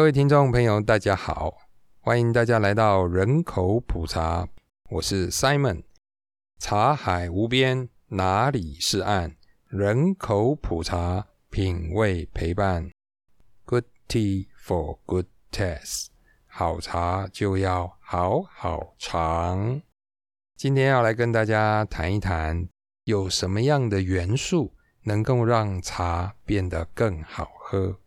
各位聽眾朋友，大家好，歡迎大家來到人口普茶。我是 Simon，茶海無邊，哪裡是岸？人口普茶，品味陪伴。Good tea for good taste，好茶就要好好嘗。今天要來跟大家談一談，有什麼樣的元素能夠讓茶變得更好喝？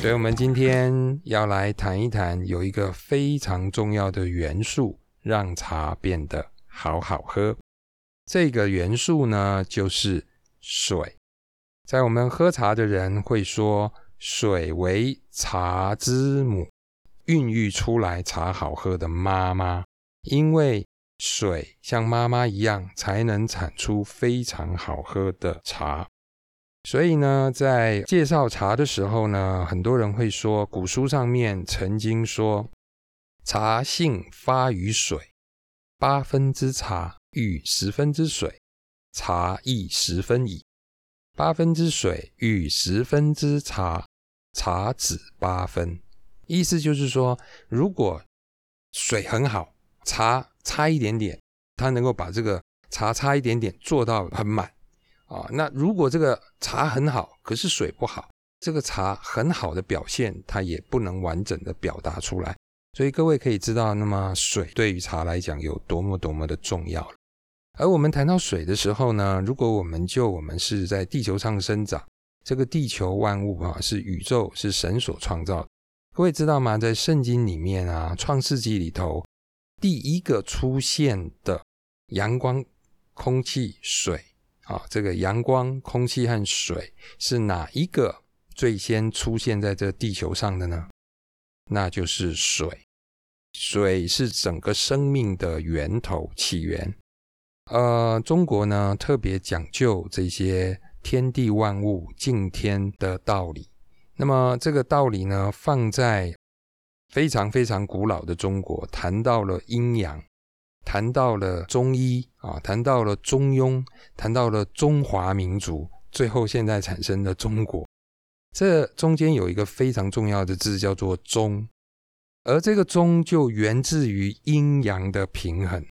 所以我們今天要來談一談，有一個非常重要的元素，讓茶變得好好喝。這個元素呢，就是水。在我們喝茶的人會說，水為茶之母，孕育出來茶好喝的媽媽。因為水像媽媽一樣，才能產出非常好喝的茶。所以呢，在介紹茶的時候呢，很多人會說，古書上面曾經說，茶性發於水，八分之茶遇十分之水，茶亦十分矣；八分之水遇十分之茶，茶止八分。意思就是說，如果水很好，茶差一點點，它能夠把這個茶差一點點做到很滿。啊，那如果這個茶很好，可是水不好，這個茶很好的表現，它也不能完整的表達出來。所以各位可以知道，那麼水對於茶來講有多麼多麼的重要。而我們談到水的時候呢，如果我們就我們是在地球上生長，這個地球萬物啊，是宇宙，是神所創造的。各位知道嗎？在聖經裡面啊，《創世紀》裡頭第一個出現的陽光、空氣、水。啊，這個陽光、空氣和水是哪一個最先出現在這地球上的呢？那就是水。水是整個生命的源頭起源。呃，中國呢特別講究這些天地萬物敬天的道理。那麼這個道理呢，放在非常非常古老的中國，談到了陰陽。談到了中醫啊，談到了中庸，談到了中華民族，最後現在產生的中國，這中間有一個非常重要的字叫做“中”，而這個“中”就源自於陰陽的平衡。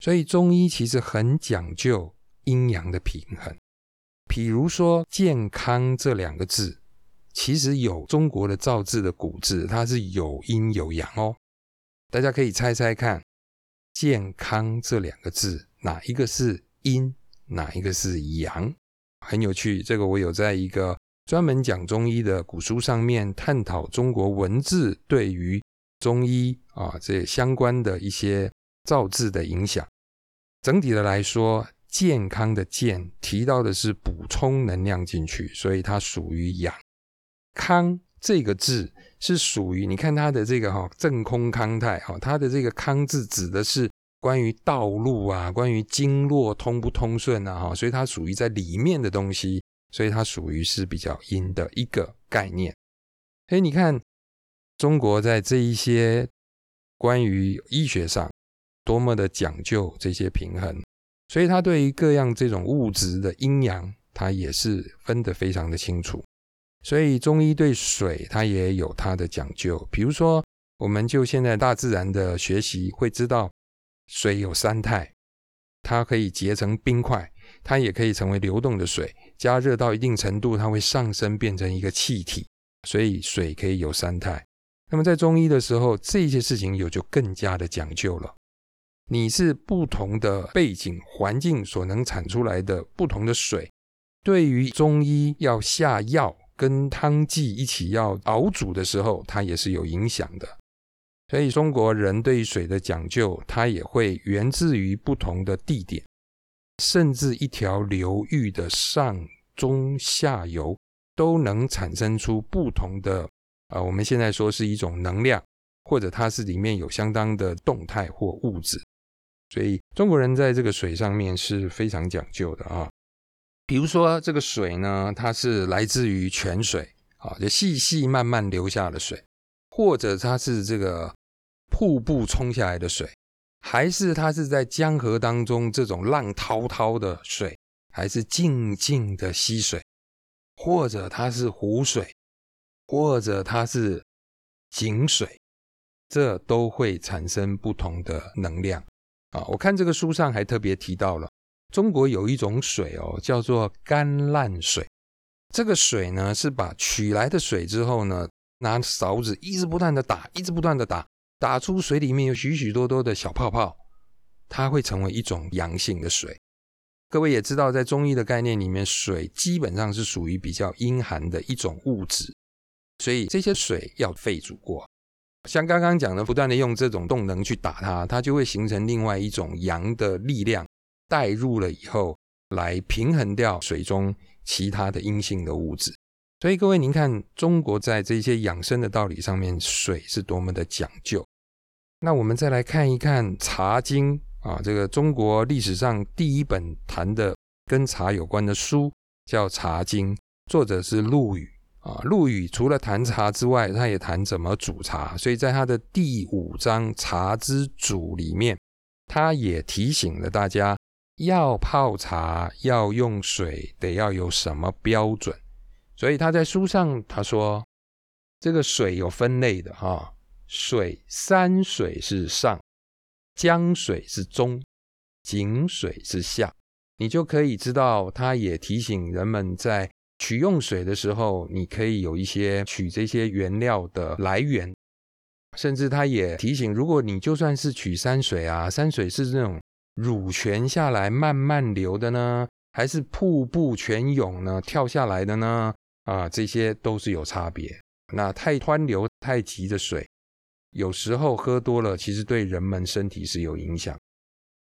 所以中醫其實很講究陰陽的平衡。比如說“健康”這兩個字，其實有中國的造字的古字，它是有陰有陽哦。大家可以猜猜看。健康這兩個字，哪一個是陰，哪一個是陽？很有趣，這個我有在一個專門講中醫的古書上面探討中國文字對於中醫啊這相關的一些造字的影響。整體的來說，健康的健提到的是補充能量進去，所以它屬於陽。康。這個字是屬於，你看它的這個哈，正空康泰哈，它的這個康字指的是關於道路啊，關於經絡通不通順啊，哈，所以它屬於在裡面的東西，所以它屬於是比較陰的一個概念。哎，你看中國在這一些關於醫學上多麼的講究這些平衡，所以它對於各樣這種物質的陰陽，它也是分得非常的清楚。所以中醫對水，它也有它的講究。比如說，我們就現在大自然的學習會知道，水有三態，它可以結成冰塊，它也可以成為流動的水。加熱到一定程度，它會上升變成一個氣體。所以水可以有三態。那麼在中醫的時候，這些事情有就更加的講究了。你是不同的背景環境所能產出來的不同的水，對於中醫要下藥。跟湯劑一起要熬煮的時候，它也是有影響的。所以中國人對於水的講究，它也會源自於不同的地點，甚至一條流域的上中下游都能產生出不同的啊、呃。我們現在說是一種能量，或者它是裡面有相當的動態或物質。所以中國人在這個水上面是非常講究的啊、哦。比如說，這個水呢，它是來自於泉水，啊，就細細慢慢流下的水，或者它是這個瀑布沖下來的水，還是它是在江河當中這種浪滔滔的水，還是靜靜的溪水，或者它是湖水，或者它是井水，這都會產生不同的能量啊。我看這個書上還特別提到了。中國有一種水哦，叫做甘瀾水。這個水呢，是把取來的水之後呢，拿勺子一直不斷的打，一直不斷的打，打出水裡面有許許多多的小泡泡，它會成為一種陽性的水。各位也知道，在中醫的概念裡面，水基本上是屬於比較陰寒的一種物質，所以這些水要沸煮過。像剛剛講的，不斷的用這種動能去打它，它就會形成另外一種陽的力量。帶入了以後，來平衡掉水中其他的陰性的物質。所以各位，您看中國在這些養生的道理上面，水是多麼的講究。那我們再來看一看《茶經》啊，這個中國歷史上第一本談的跟茶有關的書，叫《茶經》，作者是陸羽啊。陸羽除了談茶之外，他也談怎麼煮茶。所以在他的第五章《茶之煮》裡面，他也提醒了大家。要泡茶要用水，得要有什麼標準？所以他在書上他說，這個水有分類的哈、哦，水，山水是上，江水是中，井水是下，你就可以知道。他也提醒人們在取用水的時候，你可以有一些取這些原料的來源，甚至他也提醒，如果你就算是取山水啊，山水是那種。乳泉下來慢慢流的呢，還是瀑布泉湧呢？跳下來的呢？啊、呃，這些都是有差別。那太湍流太急的水，有時候喝多了，其實對人們身體是有影響。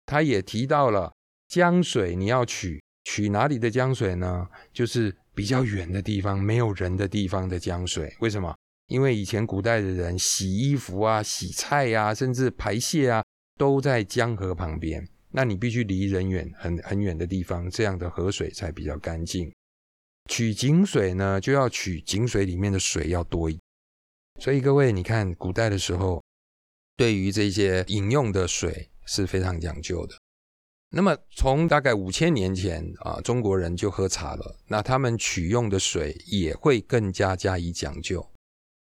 他也提到了江水，你要取取哪裡的江水呢？就是比較遠的地方、沒有人的地方的江水。為什麼？因為以前古代的人洗衣服啊、洗菜啊，甚至排泄啊，都在江河旁邊。那你必須離人遠，很很遠的地方，這樣的河水才比較乾淨。取井水呢，就要取井水裡面的水要多一點。所以各位，你看古代的時候，對於這些飲用的水是非常講究的。那麼從大概五千年前啊，中國人就喝茶了，那他們取用的水也會更加加以講究。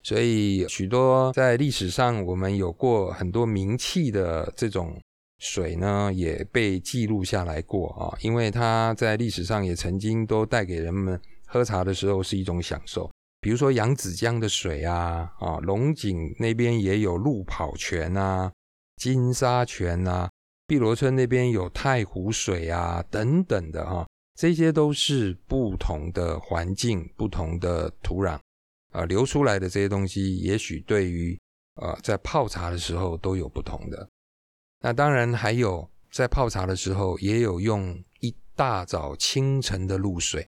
所以許多在歷史上我們有過很多名氣的這種。水呢也被記錄下來過啊，因為它在歷史上也曾經都帶給人們喝茶的時候是一種享受。比如說揚子江的水啊，啊龍井那邊也有鹿跑泉啊、金沙泉啊，碧螺春那邊有太湖水啊等等的哈、啊，這些都是不同的環境、不同的土壤啊、呃、流出來的這些東西也，也許對於呃在泡茶的時候都有不同的。那當然還有，在泡茶的時候，也有用一大早清晨的露水，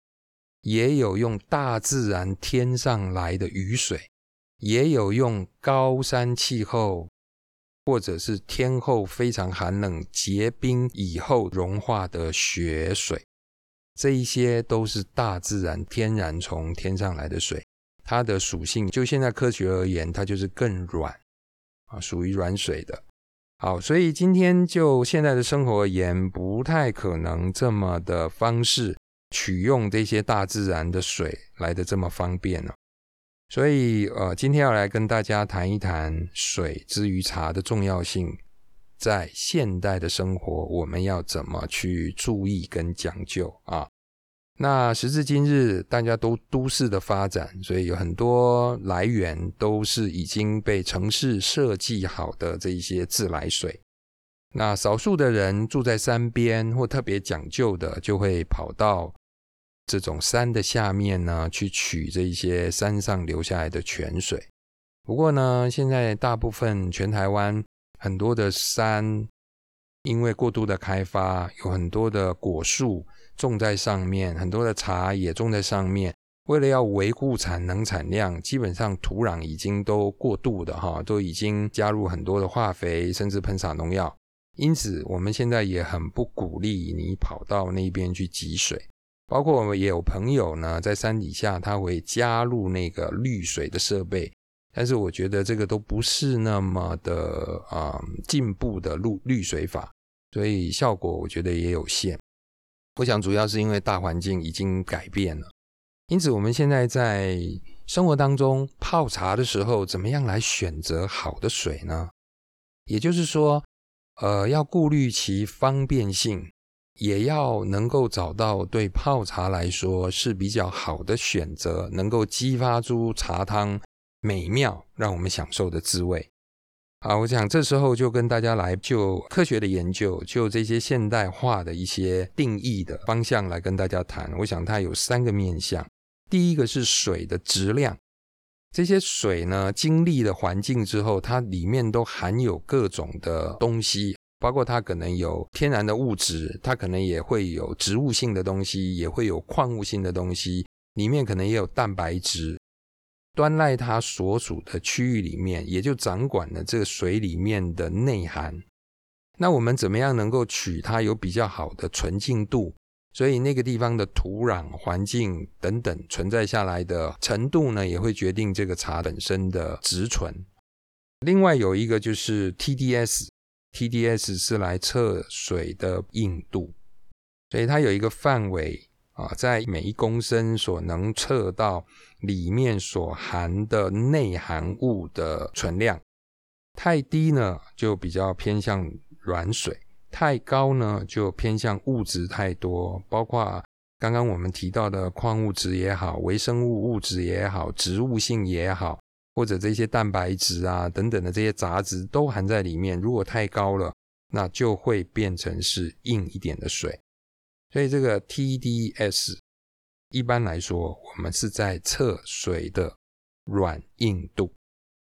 也有用大自然天上來的雨水，也有用高山氣候或者是天候非常寒冷結冰以後融化的雪水，這一些都是大自然天然從天上來的水，它的屬性就現在科學而言，它就是更軟啊，屬於軟水的。好，所以今天就現代的生活而言，不太可能這麼的方式取用這些大自然的水來得這麼方便了，啊。所以，呃，今天要來跟大家談一談水之於茶的重要性，在現代的生活，我們要怎麼去注意跟講究啊？那時至今日，大家都都市的發展，所以有很多來源都是已經被城市設計好的這一些自來水。那少數的人住在山邊，或特別講究的，就會跑到這種山的下面呢，去取這一些山上流下來的泉水。不過呢，現在大部分全台灣很多的山，因為過度的開發，有很多的果樹。種在上面，很多的茶也種在上面，為了要維護產能產量，基本上土壤已經都過度的哈，都已經加入很多的化肥，甚至噴灑農藥。因此，我們現在也很不鼓勵你跑到那邊去汲水。包括我們也有朋友呢，在山底下他會加入那個濾水的設備，但是我覺得這個都不是那麼的啊嗯，進步的路、濾水法，所以效果我覺得也有限。我想，主要是因為大環境已經改變了，因此我們現在在生活當中泡茶的時候，怎麼樣來選擇好的水呢？也就是說，呃，要顧慮其方便性，也要能夠找到對泡茶來說是比較好的選擇，能夠激發出茶湯美妙，讓我們享受的滋味。好，我想這時候就跟大家來就科學的研究，就這些現代化的一些定義的方向來跟大家談。我想它有三個面向，第一個是水的質量。這些水呢，經歷了環境之後，它裡面都含有各種的東西，包括它可能有天然的物質，它可能也會有植物性的東西，也會有礦物性的東西，裡面可能也有蛋白質。端賴它所屬的區域裡面，也就掌管了這個水裡面的內涵。那我們怎麼樣能夠取它有比較好的純淨度？所以那個地方的土壤環境等等存在下來的程度呢，也會決定這個茶本身的直純。另外有一個就是 TDS，TDS 是來測水的硬度，所以它有一個範圍啊，在每一公升所能測到。裡面所含的內含物的存量太低呢，就比較偏向軟水；太高呢，就偏向物質太多，包括剛剛我們提到的礦物質也好、微生物物質也好、植物性也好，或者這些蛋白質啊等等的這些雜質都含在裡面。如果太高了，那就會變成是硬一點的水。所以這個 TDS。一般來說，我們是在測水的軟硬度，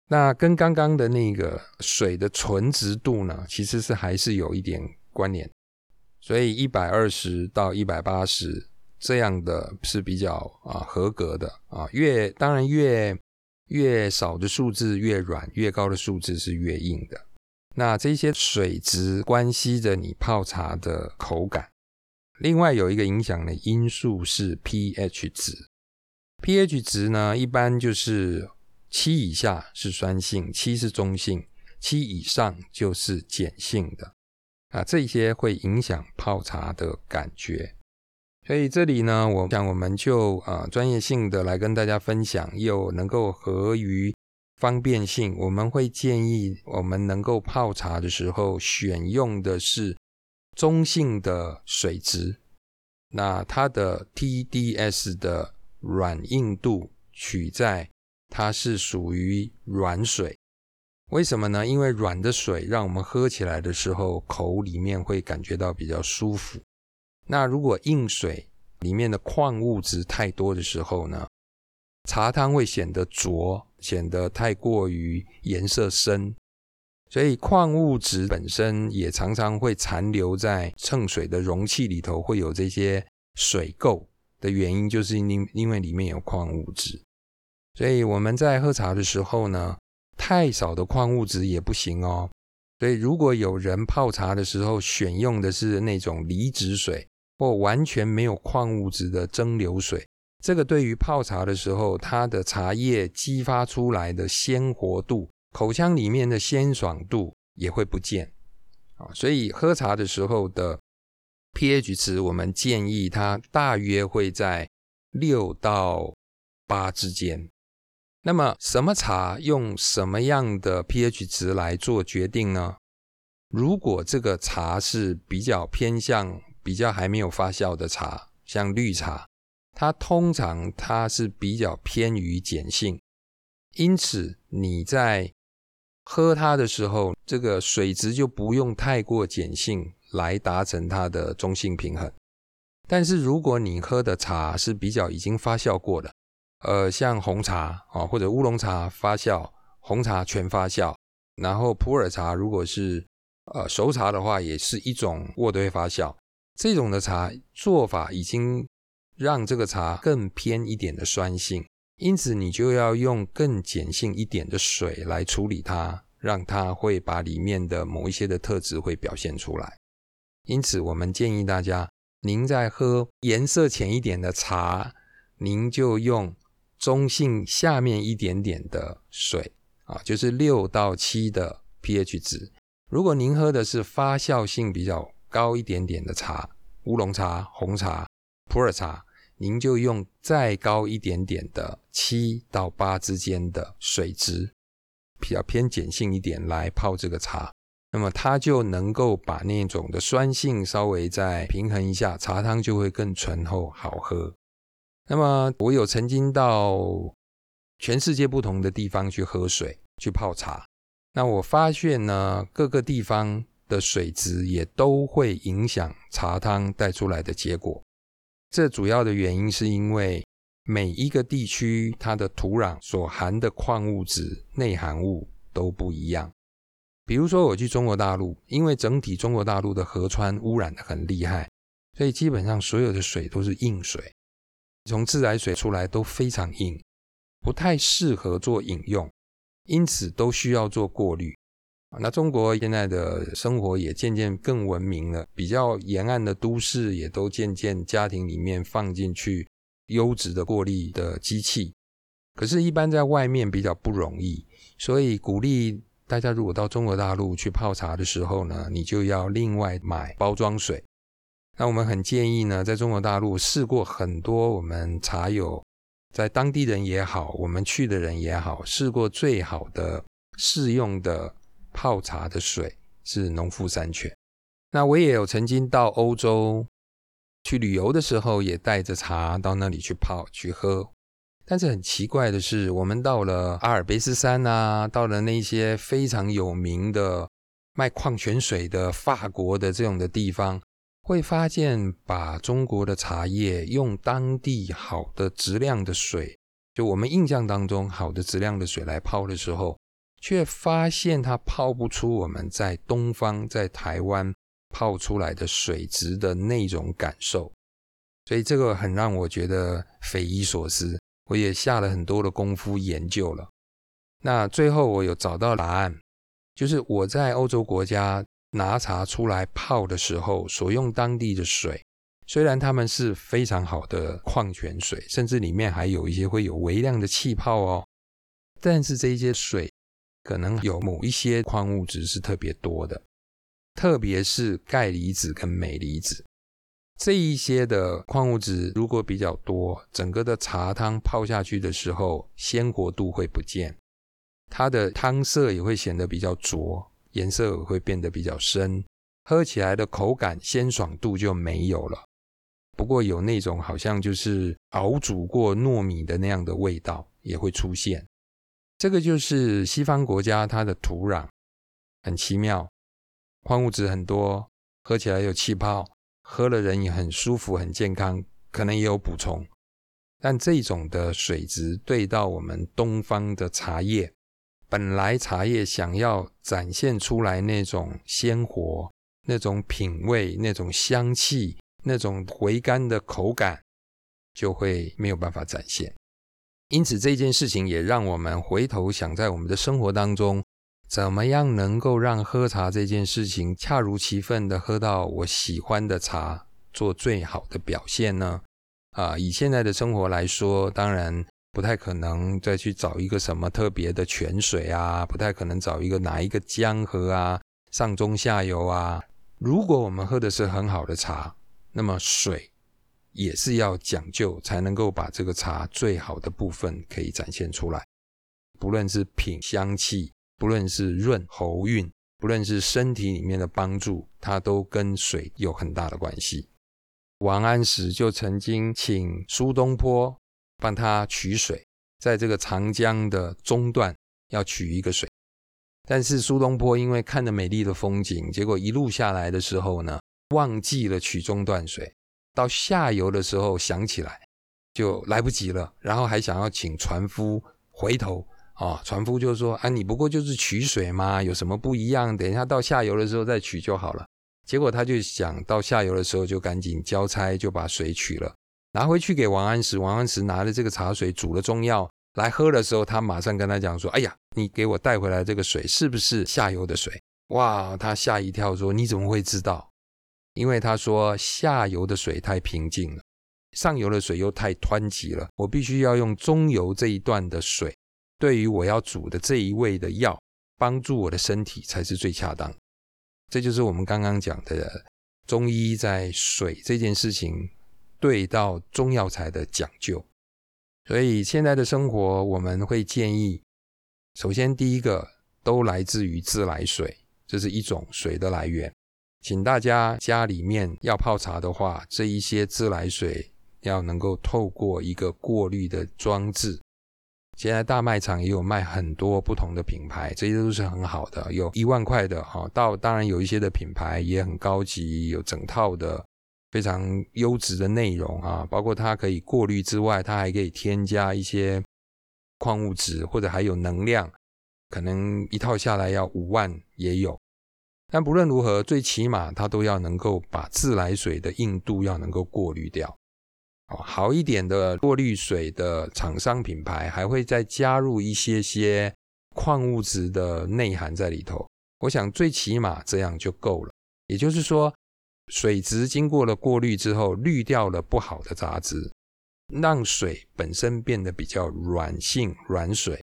那跟剛剛的那個水的純值度呢，其實是還是有一點關聯。所以一百二十到一百八十這樣的是比較啊合格的啊，越當然越越少的數字越軟，越高的數字是越硬的。那這些水質關係着你泡茶的口感。另外有一個影響的因素是 pH 值，pH 值呢，一般就是七以下是酸性，七是中性，七以上就是鹼性的。啊，這些會影響泡茶的感覺。所以這裡呢，我想我們就啊專業性的來跟大家分享，又能夠合於方便性，我們會建議我們能夠泡茶的時候選用的是。中性的水質，那它的 TDS 的軟硬度取在，它是屬於軟水。為什麼呢？因為軟的水讓我們喝起來的時候，口裡面會感覺到比較舒服。那如果硬水裡面的礦物質太多的時候呢，茶湯會顯得濁，顯得太過於顏色深。所以礦物質本身也常常會殘留在盛水的容器裡頭，會有這些水垢的原因，就是因因為裡面有礦物質。所以我們在喝茶的時候呢，太少的礦物質也不行哦。所以如果有人泡茶的時候選用的是那種離子水或完全沒有礦物質的蒸餾水，這個對於泡茶的時候，它的茶葉激發出來的鮮活度。口腔裡面的鮮爽度也會不見。所以喝茶的時候的 pH 值，我們建議它大約會在六到八之間。那麼什麼茶用什麼樣的 pH 值來做決定呢？如果這個茶是比較偏向，比較還沒有發酵的茶，像綠茶，它通常它是比較偏於鹼性，因此你在喝它的時候，這個水質就不用太過鹼性來達成它的中性平衡。但是如果你喝的茶是比較已經發酵過的，呃，像紅茶啊或者烏龍茶發酵，紅茶全發酵，然後普洱茶如果是呃熟茶的話，也是一種渥堆發酵，這種的茶做法已經讓這個茶更偏一點的酸性。因此，你就要用更鹼性一點的水來處理它，讓它會把裡面的某一些的特質會表現出來。因此，我們建議大家，您在喝顏色淺一點的茶，您就用中性下面一點點的水啊，就是六到七的 pH 值。如果您喝的是發酵性比較高一點點的茶，烏龍茶、紅茶、普洱茶。您就用再高一點點的七到八之間的水質，比較偏鹼性一點來泡這個茶，那麼它就能夠把那種的酸性稍微再平衡一下，茶湯就會更醇厚好喝。那麼我有曾經到全世界不同的地方去喝水去泡茶，那我發現呢，各個地方的水質也都會影響茶湯帶出來的結果。這主要的原因是因為每一個地區它的土壤所含的礦物質、內含物都不一樣。比如說，我去中國大陸，因為整體中國大陸的河川污染得很厲害，所以基本上所有的水都是硬水，從自來水出來都非常硬，不太適合做飲用，因此都需要做過濾。那中國現在的生活也漸漸更文明了，比較沿岸的都市也都漸漸家庭裡面放進去優質的過濾的機器，可是，一般在外面比較不容易，所以鼓勵大家如果到中國大陸去泡茶的時候呢，你就要另外買包裝水。那我們很建議呢，在中國大陸試過很多我們茶友，在當地人也好，我們去的人也好，試過最好的適用的。泡茶的水是農夫山泉。那我也有曾經到歐洲去旅遊的時候，也帶着茶到那裡去泡去喝。但是很奇怪的是，我們到了阿爾卑斯山啊，到了那些非常有名的賣礦泉水的法國的這種的地方，會發現把中國的茶葉用當地好的質量的水，就我們印象當中好的質量的水來泡的時候。卻發現它泡不出我們在東方，在台灣泡出來的水質的那種感受，所以這個很讓我覺得匪夷所思。我也下了很多的功夫研究了，那最後我有找到答案，就是我在歐洲國家拿茶出來泡的時候，所用當地的水，雖然他們是非常好的礦泉水，甚至裡面還有一些會有微量的氣泡哦，但是這些水。可能有某一些礦物質是特別多的，特別是鈣離子跟鎂離子這一些的礦物質，如果比較多，整個的茶湯泡下去的時候，鮮活度會不見，它的湯色也會顯得比較濁，顏色也會變得比較深，喝起來的口感鮮爽度就沒有了。不過有那種好像就是熬煮過糯米的那樣的味道也會出現。這個就是西方國家它的土壤很奇妙，礦物質很多，喝起來有氣泡，喝了人也很舒服、很健康，可能也有補充。但這種的水質對到我們東方的茶葉，本來茶葉想要展現出來那種鮮活、那種品味、那種香氣、那種回甘的口感，就會沒有辦法展現。因此，這件事情也讓我們回頭想，在我們的生活當中，怎麼樣能夠讓喝茶這件事情恰如其分地喝到我喜歡的茶，做最好的表現呢？啊、呃，以現在的生活來說，當然不太可能再去找一個什麼特別的泉水啊，不太可能找一個哪一個江河啊，上中下游啊。如果我們喝的是很好的茶，那麼水。也是要講究，才能夠把這個茶最好的部分可以展現出來。不論是品香氣，不論是潤喉韻，不論是身體裡面的幫助，它都跟水有很大的關係。王安石就曾經請蘇東坡幫他取水，在這個長江的中段要取一個水，但是蘇東坡因為看着美麗的風景，結果一路下來的時候呢，忘記了取中段水。到下游的時候想起來就來不及了，然後還想要請船夫回頭啊，哦，船夫就說：“啊，你不過就是取水嘛，有什麼不一樣？等一下到下游的時候再取就好了。”結果他就想到下游的時候就趕緊交差，就把水取了，拿回去給王安石。王安石拿着這個茶水煮了中藥來喝的時候，他馬上跟他講說：“哎呀，你給我帶回來這個水是不是下游的水？”哇，他嚇一跳說：“你怎麼會知道？”因為他說，下游的水太平靜了，上游的水又太湍急了，我必須要用中游這一段的水，對於我要煮的這一味的藥，幫助我的身體才是最恰當的。這就是我們剛剛講的中醫在水這件事情對到中藥材的講究。所以現在的生活，我們會建議，首先第一個都來自於自來水，這、就是一種水的來源。請大家家裡面要泡茶的話，這一些自來水要能夠透過一個過濾的裝置。現在大賣場也有賣很多不同的品牌，這些都是很好的，有一萬塊的哈，到當然有一些的品牌也很高級，有整套的非常優質的內容啊，包括它可以過濾之外，它還可以添加一些礦物質或者還有能量，可能一套下來要五萬也有。但不論如何，最起碼它都要能夠把自來水的硬度要能夠過濾掉。好，好一點的過濾水的廠商品牌還會再加入一些些礦物質的內涵在裡頭。我想最起碼這樣就夠了。也就是說，水質經過了過濾之後，濾掉了不好的雜質，讓水本身變得比較軟性軟水。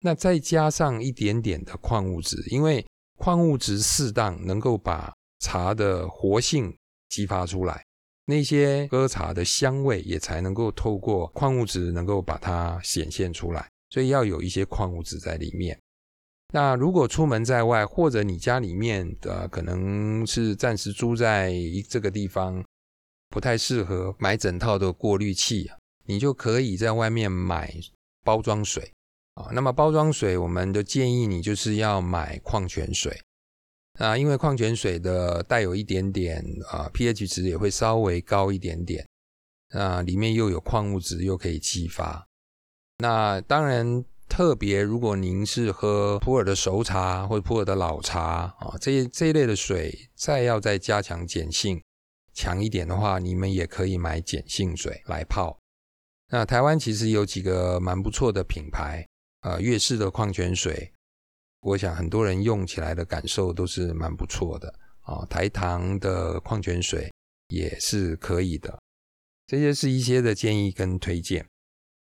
那再加上一點點的礦物質，因為礦物質適當，能夠把茶的活性激發出來，那些喝茶的香味也才能夠透過礦物質能夠把它顯現出來。所以要有一些礦物質在裡面。那如果出門在外，或者你家裡面呃可能是暫時租在這個地方，不太適合買整套的過濾器，你就可以在外面買包裝水。啊，那麼包裝水，我們都建議你就是要買礦泉水。啊，因為礦泉水的帶有一點點啊，pH 值也會稍微高一點點。啊，裡面又有礦物質，又可以激發。那當然，特別如果您是喝普洱的熟茶或普洱的老茶啊，這這一類的水再要再加強鹼性強一點的話，你們也可以買鹼性水來泡。那台灣其實有幾個蠻不錯的品牌。呃，悅氏的礦泉水，我想很多人用起來的感受都是蠻不錯的啊、呃。台糖的礦泉水也是可以的，這些是一些的建議跟推薦。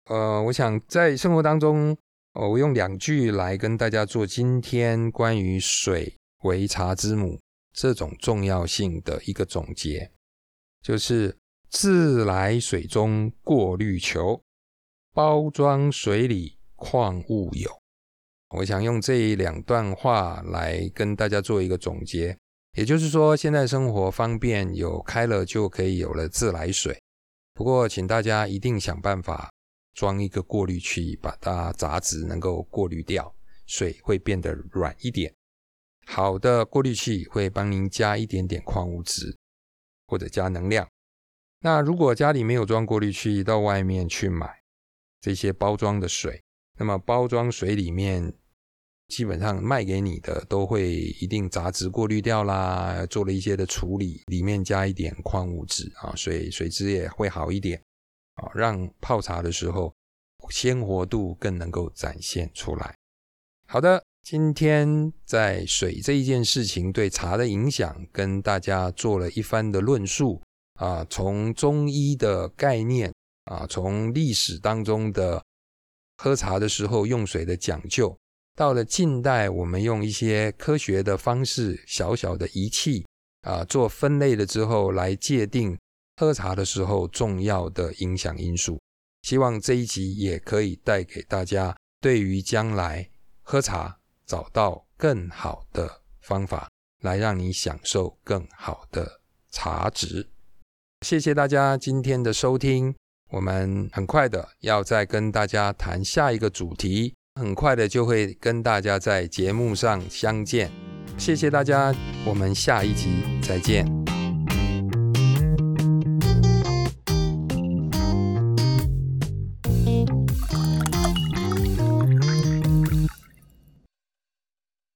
呃，我想在生活當中，呃、我用兩句來跟大家做今天關於水“水為茶之母”這種重要性的一個總結，就是自來水中過濾求，包裝水裡。礦物有，我想用這一兩段話來跟大家做一個總結。也就是說，現在生活方便有開了就可以有了自來水，不過請大家一定想辦法裝一個過濾器，把它雜質能夠過濾掉，水會變得軟一點。好的過濾器會幫您加一點點礦物質或者加能量。那如果家裡沒有裝過濾器，到外面去買這些包裝的水。那麼，包裝水裡面基本上賣給你的都會一定雜質過濾掉啦，做了一些的處理，裡面加一點礦物質啊，水水質也會好一點啊，讓泡茶的時候鮮活度更能夠展現出來。好的，今天在水這一件事情對茶的影響，跟大家做了一番的論述啊，從中醫的概念啊，從歷史當中的。喝茶的時候用水的講究，到了近代，我們用一些科學的方式、小小的儀器啊，做分類了之後，來界定喝茶的時候重要的影響因素。希望這一集也可以帶給大家，對於將來喝茶找到更好的方法，來讓你享受更好的茶質。謝謝大家今天的收聽。我們很快的要再跟大家談下一個主題，很快的就會跟大家在節目上相見。謝謝大家，我們下一集再見。